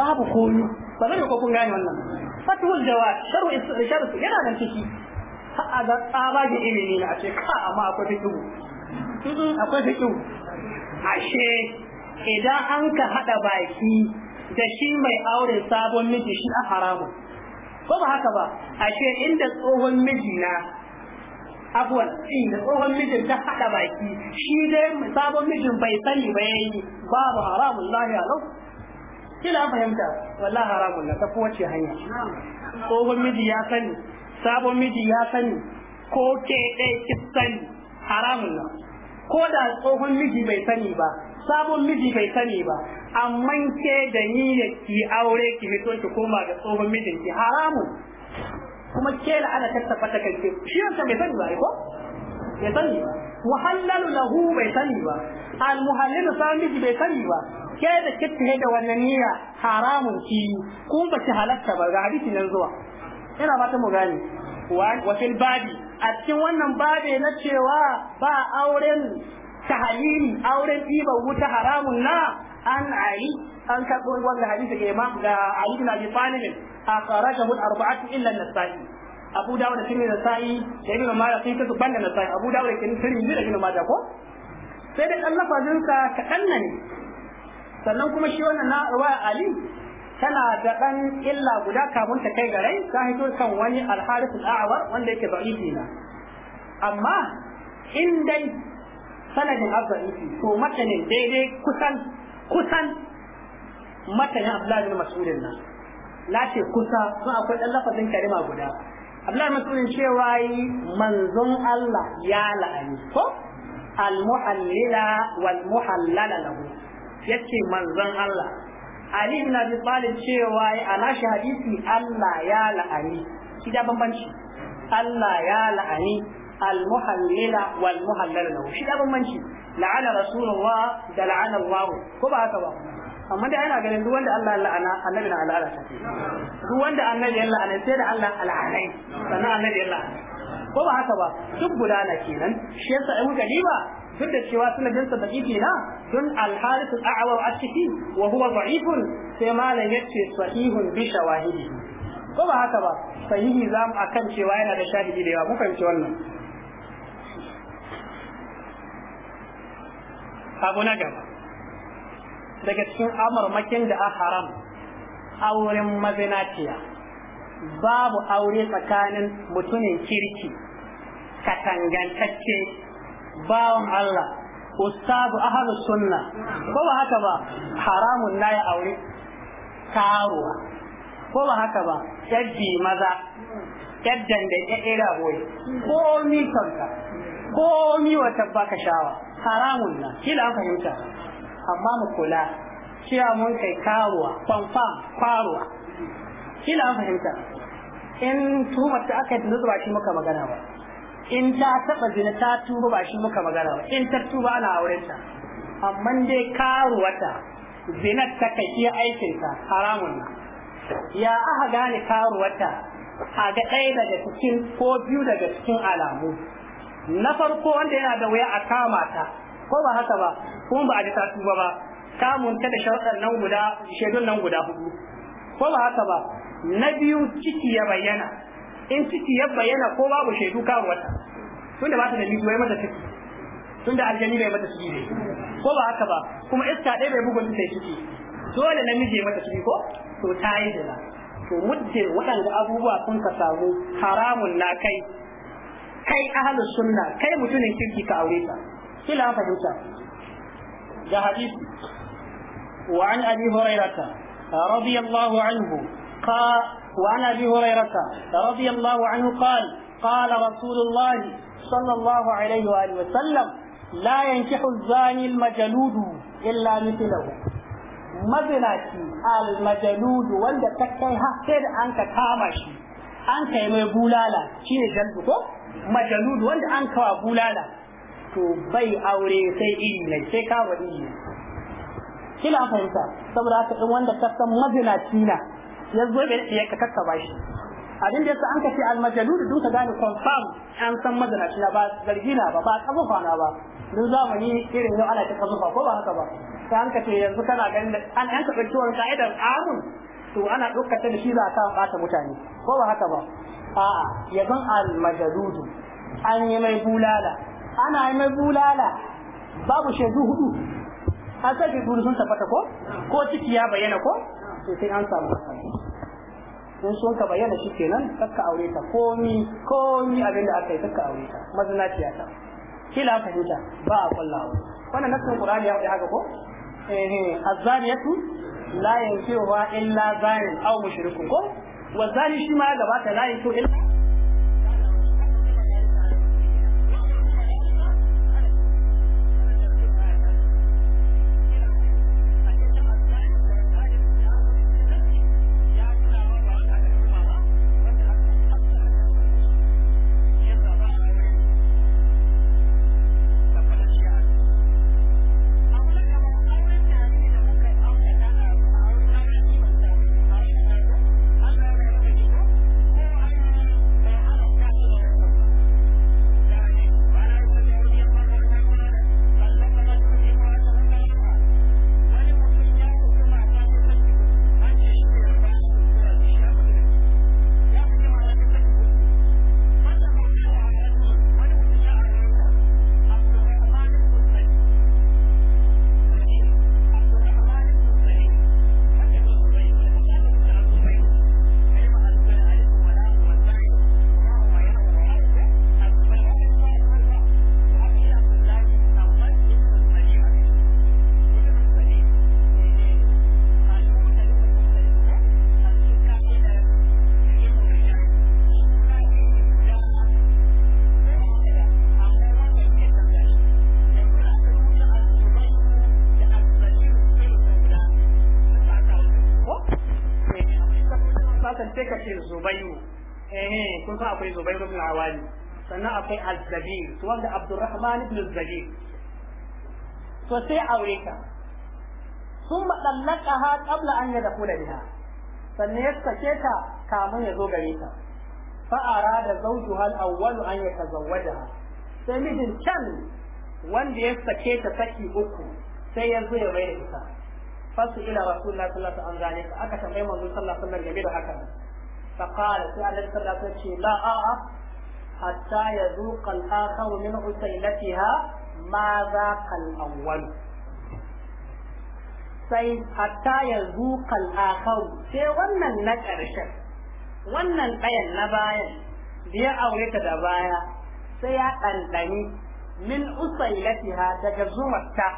babu koyo ba zai ko kun gane wannan fathul jawad sharu sharu yana nan ciki a ga tsabagin ilimi na ce ka amma akwai fikihu akwai fikihu ashe idan an ka haɗa baki da shi mai auren sabon miji shi a haramun ko ba haka ba ashe inda tsohon miji na abuwan tsin tsohon mijin ta haɗa baki shi dai sabon mijin bai sani ba yayi babu haramun lahiya lau kila an fahimta wallahi haramun na ta kowace hanya tsohon miji ya sani sabon miji ya sani ko ke ɗaya ki sani haramun na ko da tsohon miji bai sani ba sabon miji bai sani ba amma ke da niyyar ki aure ki fito ki koma ga tsohon mijin ki haramun kuma ke la'ana ta tabbata kanke shi yasa bai sani ba ko bai sani ba muhallalu lahu bai sani ba al muhallalu sabon miji bai sani ba ke da kitta da wannan niyya haramun ki kun ba ki halatta ba ga hadisi nan zuwa ina ba ta mu gani wa fil badi a cikin wannan babe na cewa ba auren tahalili auren ɗiba wuta haramun na an ali an karɓo wanda hadisi ga ma ga ali bin abi talib akhrajahu al-arba'atu illa an-nasa'i abu dawud da ne nasai sa'i da ibnu majah sun kasu banda nasai abu dawud da tirmidhi da ma da ko sai da kallafa jinka ka ne sannan kuma shi wannan na ruwaya ali tana da ɗan illa guda kafin ta kai garai ta hito kan wani alharifin a'war wanda yake da'ifi na amma in dai sanadin abda'ifi to matanin daidai kusan kusan matanin abdullahi bin nan na ce kusa sun akwai ɗan lafazin Karima guda abdullahi mas'udin cewa yi manzon Allah ya la'ani ko al-muhallila wal muhallala lahu yace manzon Allah Ali ibn Abi Talib cewa a nashi hadisi Allah ya la'ani shi da bambanci Allah ya la'ani al-muhallila wal muhallal lahu shi da bambanci la'ana rasulullah da la'ana Allah ko ba haka ba amma da yana ganin duk wanda Allah ya la'ana annabi na al'ala ta duk wanda annabi ya la'ana sai da Allah al'anai sannan annabi ya la'ana ko ba haka ba duk gudana kenan shi yasa in muka diba duk da cewa sanadin sa da'ifi na tun al-harith al-a'wa wa wa huwa da'ifun sai malam yace sahihun bi shawahidi ko ba haka ba sahihi zamu akan cewa yana da shahidi da yawa mu fahimci wannan abu na gaba daga cikin amarmakin da a haram auren mazinaciya babu aure tsakanin mutumin kirki katangantacce bawan Allah ustadu ahlu sunna ko ba haka ba haramun na ya aure karuwa ko ba haka ba yaddi maza yaddan da ya ira boye ko mi kanka ko mi wata baka shawa haramun na kila an fahimta amma mu kula Kiya mun kai karuwa kwamfam karuwa kila an fahimta in tuhumar ta aka yi ta zuba shi muka magana ba in ta taba zina ta tuba ba shi muka magana ba in ta tuba ana aurenta amma dai karuwata zina ta kai iya aikinta haramun na ya aka gane karuwata a ga ɗaya daga cikin ko biyu daga cikin alamu na farko wanda yana da wuya a kama ta ko ba haka ba kuma ba a ji ta tuba ba kamun ta da sharuɗan nan guda shaidun nan guda hudu ko ba haka ba na biyu ciki ya bayyana in ciki ya bayyana ko babu shaidu wata, tunda ba ta da ko ya mata ciki tunda aljani bai mata ciki ne ko ba haka ba kuma iska ɗaya bai bugun sai ciki dole namiji ya mata ciki ko to ta yi da to muddin waɗanda abubuwa sun ka samu haramun na kai kai ahlu sunna kai mutumin kirki ka aure ta kila an fahimta ga hadisi wa an abi hurairata radiyallahu anhu قال وعن أبي هريرة رضي الله عنه قال قال رسول الله صلى الله عليه وآله وسلم لا ينكح الزاني المجلود إلا مثله mazinaci almajaludu wanda ta kai har sai da an ka kama shi an ka yi mai bulala shi ne jalbu ko majaludu wanda an kawa bulala to bai aure sai iri ne sai kawo fahimta saboda haka in wanda ta san na Yanzu bai ya ka kakkaba shi abin da yasa an kace al-majalu da duka gane confirm an san madana shi ba zargina ba ba kafafa na ba mu zamani irin yau ana ta ba ko ba haka ba sai an kace yanzu kana ganin da an yanka ɗaukiwar ka'idar amun to ana ta da shi za a ba ta mutane ko ba haka ba a'a ya al-majalu an yi mai bulala ana yi mai bulala babu shaidu hudu an sai bulala sun tabbata ko ko ciki ya bayyana ko to sai an samu hakan Sun so ka bayyana shi kenan kakka aure ta komi komi abin da aka yi kakka aure ta mazinaciya ta kila ka huta ba a kullawa wannan nasu qur'ani ya faɗi haka ko eh eh azzaniyatu la yankihuha illa zanin aw mushrikun ko wa zani shi ma gabata la yankihu illa kun san akwai Zubair ibn Awani sannan akwai Al-Zabir wanda Abdurrahman ibn Zabir to sai aure ta ثم طلقها قبل أن يدخل بها sannan ya sake ta kamun ya zo gare ta fa'ara da zauju hal awwalu an ya tazawwaja sai mijin can wanda ya sake ta saki uku sai ya zo ya mai da ita fasu ila rasulullahi sallallahu alaihi wasallam an gane aka tambaye manzo sallallahu alaihi wasallam game da haka فقال سأل الثلاثة لا أعرف حتى يذوق الآخر من عسيلتها ما ذاق الأول sai hatta ya zuƙa al'akaru sai wannan na ƙarshen wannan ɗayan na bayan da ya aure ta da baya sai ya ɗanɗani min usailatiha daga zumarta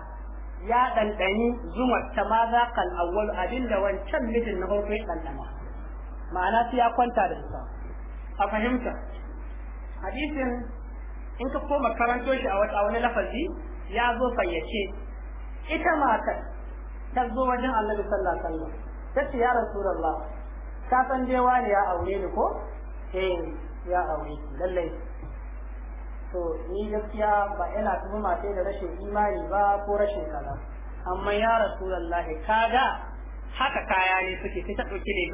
ya ɗanɗani zumarta ma za ka al'awwal abinda wancan mijin na hoto ya ɗanɗana ma'ana sai ya kwanta da ita a fahimta hadisin in ka koma karanto shi a wani lafazi ya zo fayyace ita matar ta zo wajen annabi sallallahu alaihi wasallam ta ce ya rasulullah ka san dai wani ya aure ni ko eh ya aure ki lallai to ni gaskiya ba ina tuhuma sai da rashin imani ba ko rashin kaza amma ya rasulullah kaga haka kaya ne suke sai ta ɗauki ne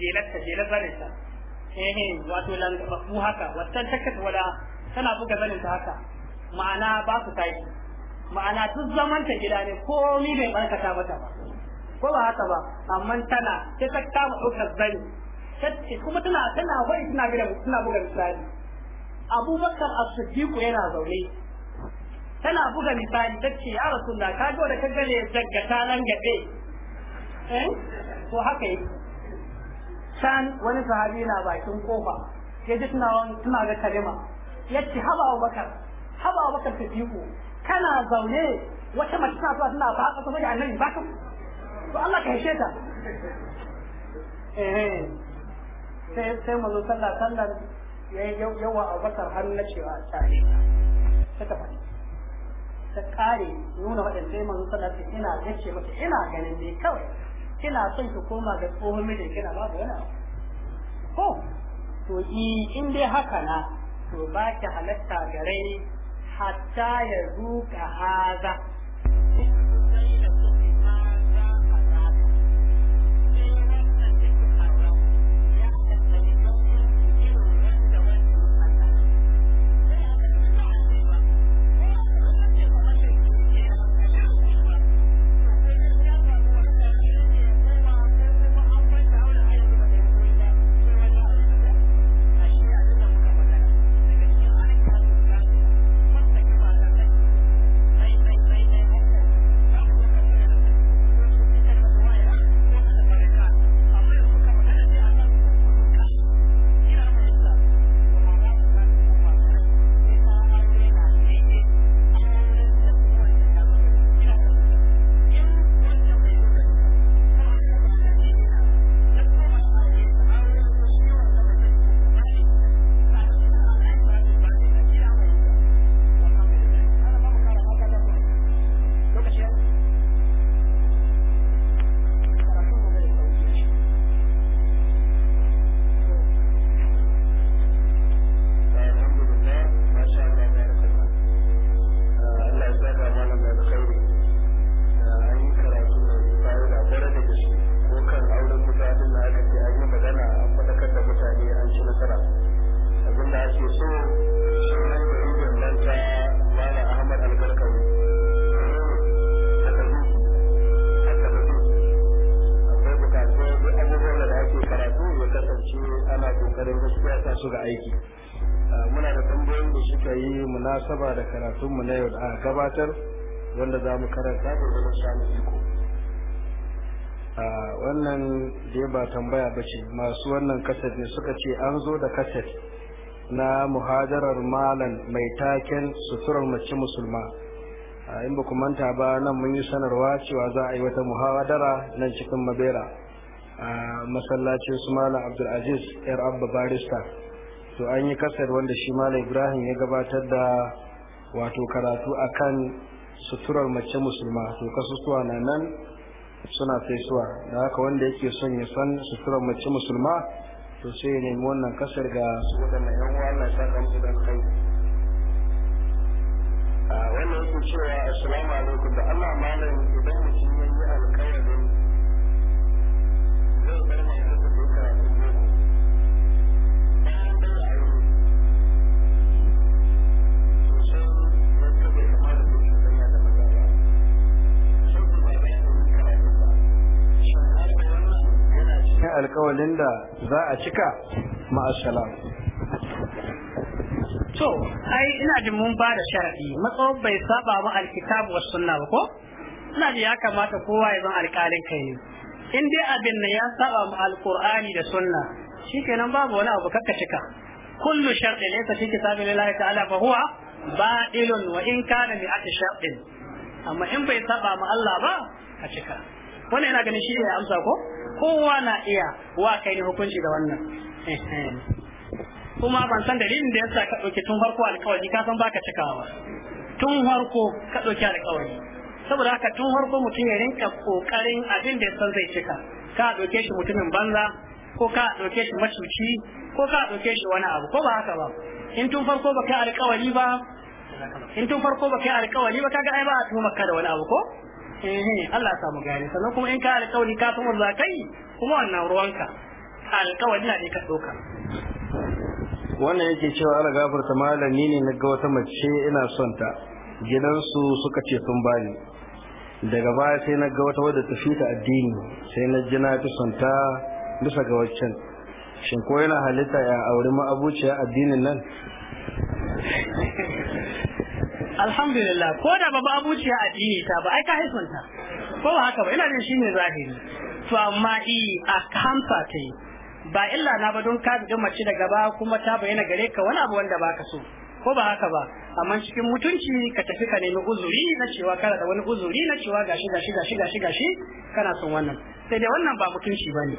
gelar zanin ta eh wato nan mu haka wannan takat wala tana buga zanin ta haka ma'ana ba su tashi ma'ana duk zaman ta gida ne komi bai barkata mata ba ko ba haka ba amma tana sai ta kama ɗaukar zani kuma tana tana wai tana gida tana buga misali Bakar as-siddiq yana zaune tana buga misali tace ya rasulullah kaga da kaga ne ta nan gabe eh to haka yake san wani sahabi na bakin kofa ya ji wani tuna ga kalima ce haba Abubakar haba Abubakar fiko kana zaune wata mace tana zuwa tana ba ka saboda annabi ba ka to Allah ka hishe ta eh sai sai mu sallah sallan yi yawa wasar har na cewa tare ta ta ta kare nuna waɗanda sai manzo sallah ina yace mata ina ganin ne kawai kina son ki koma ga tsohon mijin kina ba wani ko to in dai haka na to ba ki halatta gare hatta ya zuka haza gabatar wanda za mu karanta da zama samun iko wannan dai ba tambaya ba ce masu wannan kaset ne suka ce an zo da kaset na muhajarar malam mai taken suturar mace musulma in ba manta ba nan mun yi sanarwa cewa za a yi wata muhadara nan cikin mabera a masallacin su malam abdulaziz yar abba barista to an yi kasar wanda shi malam ibrahim ya gabatar da wato karatu akan suturar mace musulma to kasusuwa na nan suna fesuwa da haka wanda yake son ya san suturar mace musulma to sai ya nemi wannan kasar ga su wadanda yan wala Allah kan su da kai a wannan yake cewa assalamu alaikum da Allah malam idan mutum ya yi alƙawarin zai bar mai alkawalin da za a cika ma'assalam to ai ina jin mun ba da sharadi matsawar bai saba ba alkitabu was sunna ba ko ina ji ya kamata kowa ya zan alkalin kai ne in dai abin nan ya saba mu Alƙur'ani da sunna shikenan babu wani abu kakka cika kullu shartin cikin fi kitabillahi ta'ala fa huwa batilun wa in kana bi ati shartin amma in bai saba ma Allah ba ka cika wannan yana ganin shi ne amsa ko kowa na iya wa kai ne hukunci da wannan kuma ban san dalilin da yasa ka dauke tun farko alƙawari ka san baka cikawa tun farko ka dauke alƙawari saboda haka tun farko mutum ya rinka kokarin abin da san zai cika ka dauke shi mutumin banza ko ka dauke shi macuci ko ka dauke shi wani abu ko ba haka ba in tun farko baka alƙawari ba in tun farko baka alƙawari ba kaga ai ba a tuhumar ka da wani abu ko eh Allah samu gane sannan kuma in ka alƙawari ka san wanda kai kuma wannan ruwanka alƙawari na da ka doka wannan yake cewa ana gafarta malami ne na ga wata mace ina son ta gidansu suka ce sun bani daga baya sai na ga wata wadda ta addini sai na ji na fi son ta bisa ga waccan shin ko yana halitta ya auri abuciya addinin nan alhamdulillah ko da ba a addini ta ba ai ka haifanta ko ba haka ba ina jin shine zahiri to amma i a kamfa ta yi ba illa na ba don ka bi mace daga ba kuma ta bayyana gare ka wani abu wanda baka so ko ba haka ba amma cikin mutunci ka tafi ka nemi uzuri na cewa kana da wani uzuri na cewa gashi gashi gashi gashi gashi kana son wannan sai dai wannan ba mutunci bane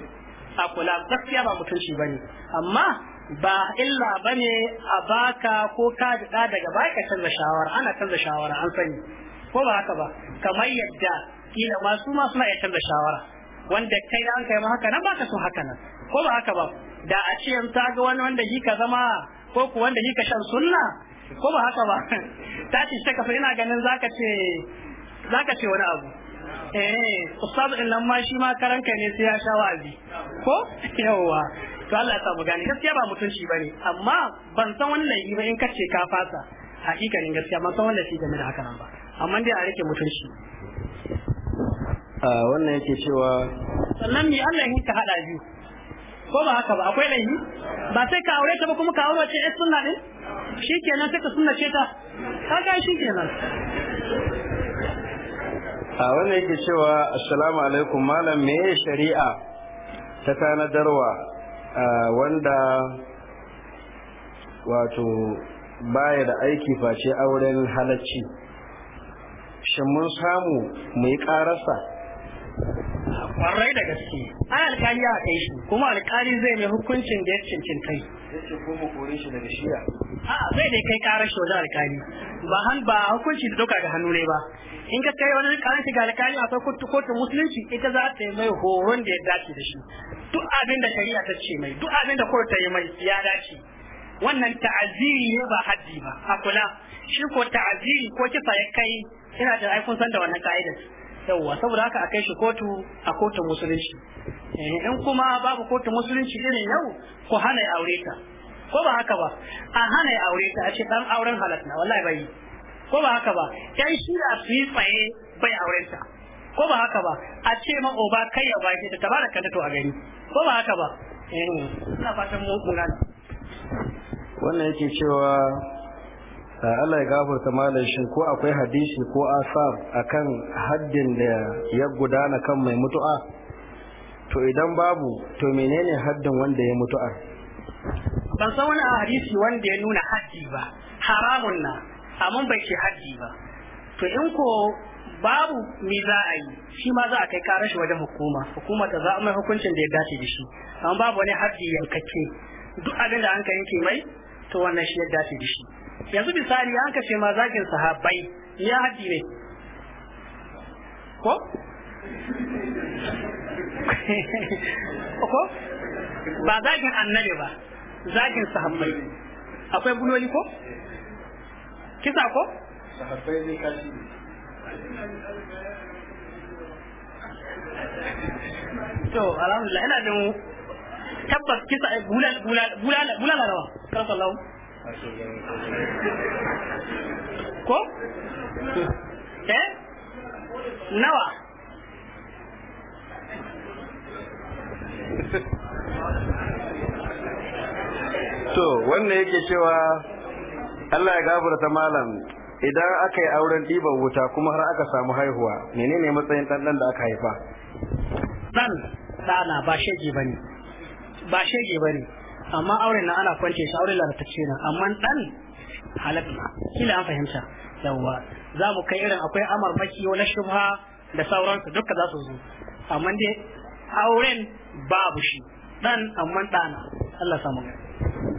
a kula gaskiya ba mutunci bane amma ba illa bane a baka ko ka da daga baka canza shawara ana canza shawara an sani ko ba haka ba kamar yadda kila masu ma suna iya canza shawara wanda kai da an kai ma haka nan baka so haka nan ko ba haka ba da a ce yanzu ta ga wani wanda shi ka zama ko ku wanda shi ka shan sunna ko ba haka ba ta ce ta kafa ina ganin zaka ce zaka ce wani abu eh ustaz in nan ma shi ma karanka ne sai ya sha wa'azi ko yawa to Allah ya mu gane gaskiya ba mutunci bane amma ban san wannan yi ba in kace ka fasa hakikanin gaskiya ban san wannan shi game da hakan ba amma dai a rike mutunci a ah, wannan yake cewa sannan mi Allah yake ka hada biyu ko ba haka ba akwai laifi ba sai ka aure ta ba kuma ka aure ce ai sunna din shikenan sai ka sunna ce ta kaga shikenan a ah, wannan yake cewa assalamu alaikum malam me shari'a ta tanadarwa Ah, wanda wato baya da aiki face auren halacci shin mun samu mu yi karasa kwarai da gaske an alkali a kai shi kuma alkali zai mai hukuncin da ya cincin kai yace ko mu kore shi daga shiya a zai dai kai karar shi wajen alkali ba han ba hukunci da doka ga hannu ne ba in ka kai wani karar shi ga alkali akwai kotu kotun musulunci ita za ta yi mai horon da ya dace da shi duk abin da shari'a ta ce mai duk abin da kowace yi mai ya dace wannan ta'aziri ne ba haddi ba a kula shi ko ta'aziri ko kisa ya kai ina da aikun san da wannan ka'idar yawwa saboda haka a kai shi kotu a kotun musulunci eh, in kuma babu kotun musulunci irin yau ko hana ya aure ta ko ba haka ba a hana ya aure ta a ce dan auren halatta wallahi bai ko ba haka ba yan shi su yi tsaye bai aurenta ko ba haka ba a ce ma oba kai ya baki ta tabaraka da to a gani ko ba haka ba eh, ina fatan mun gane wannan yake cewa Allah ya gafarta malam shin ko akwai hadisi ko asar akan haddin da ya gudana kan mai mutu'a to idan babu to menene haddin wanda ya mutu'a ban san wani hadisi wanda ya nuna haddi ba haramun na amma bai ce haddi ba to in ko babu me za a yi shi ma za a kai karar shi wajen hukuma hukuma ta za a mai hukuncin da ya dace da shi amma babu wani haddi yankake duk abin da an ka yanke mai to wannan shi ya dace da shi yanzu misali an kashe ma zagin sahabbai ya haddi ne ko ko ba zagin annabi ba zagin sahabbai akwai buloli ko kisa ko sahabbai ne kashi to alhamdulillah ina mu tabbas kisa bulal bulal bulal bulal nawa ko eh nawa to wannan yake cewa Allah ya gafarta malam idan aka yi auren ɗiban wuta kuma har aka samu haihuwa menene matsayin ɗan da aka haifa ɗan ɗana ba shege ba ne ba shege ba ne amma auren nan ana kwance shi auren lalatacce na amma ɗan halatta kila an fahimta yawwa za mu kai irin akwai amar maki na shubha da sauransu duka za su zo amma dai auren babu shi ɗan amma ɗana Allah samu gani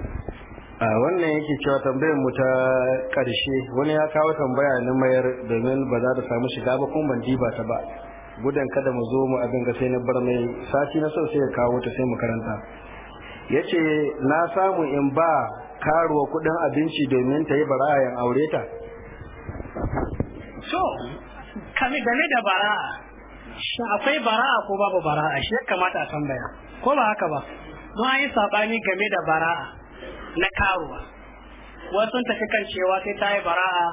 wannan yake cewa tambayar mu ta ƙarshe wani ya kawo tambaya na mayar domin ba za ta samu shiga ba kuma ban diba ta ba gudan kada mu zo mu abin ga sai na bar mai sati na son sai ya kawo ta sai mu karanta ce na samu in ba karuwa kudin abinci domin ta yi bara'ayan aure ta so kami game da bara'a shi akwai bara'a ko babu bara'a shi ya kamata a tambaya ko ba haka ba don yi saɓani game da bara'a na karuwa wasu tafi kan cewa sai ta yi bara'a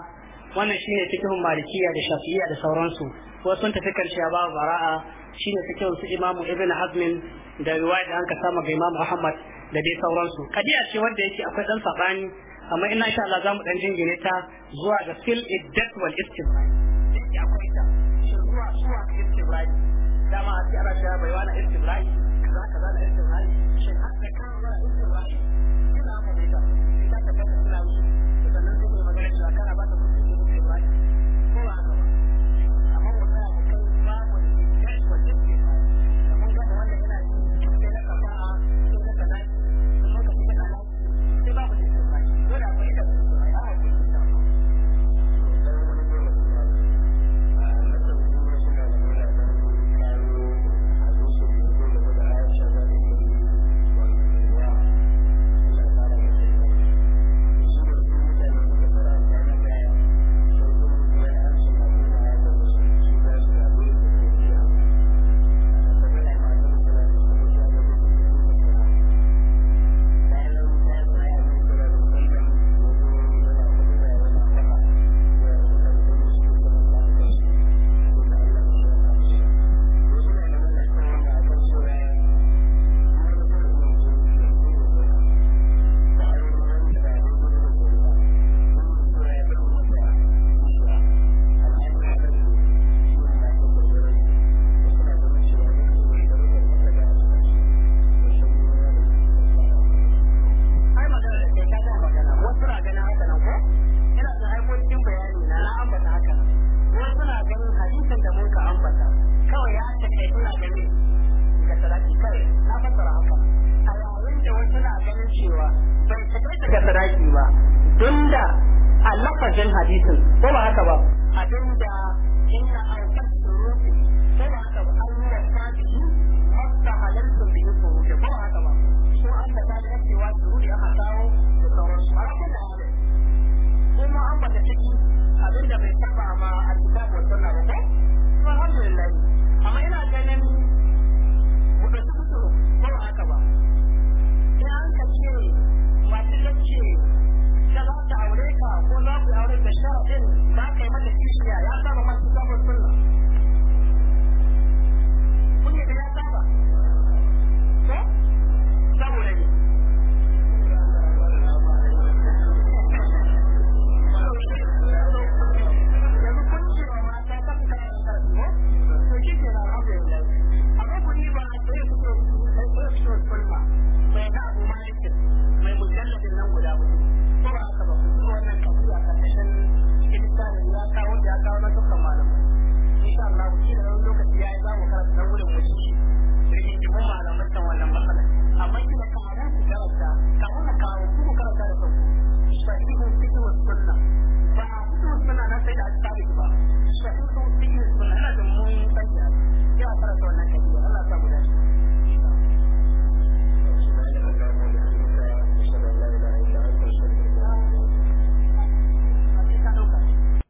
wannan shine fikihun malikiya da shafi'iyya da sauransu wasu tafi kan cewa babu bara'a shine fikihun su imamu ibn hazmin da riwaya da anka sama ga imamu ahmad da dai sauransu kadiya ce wanda yake akwai dan sabani amma ina insha Allah zamu dan jingine ta zuwa ga fil iddat wal istibrai akwai ta zuwa zuwa istibrai dama a ci ana cewa bai wani istibrai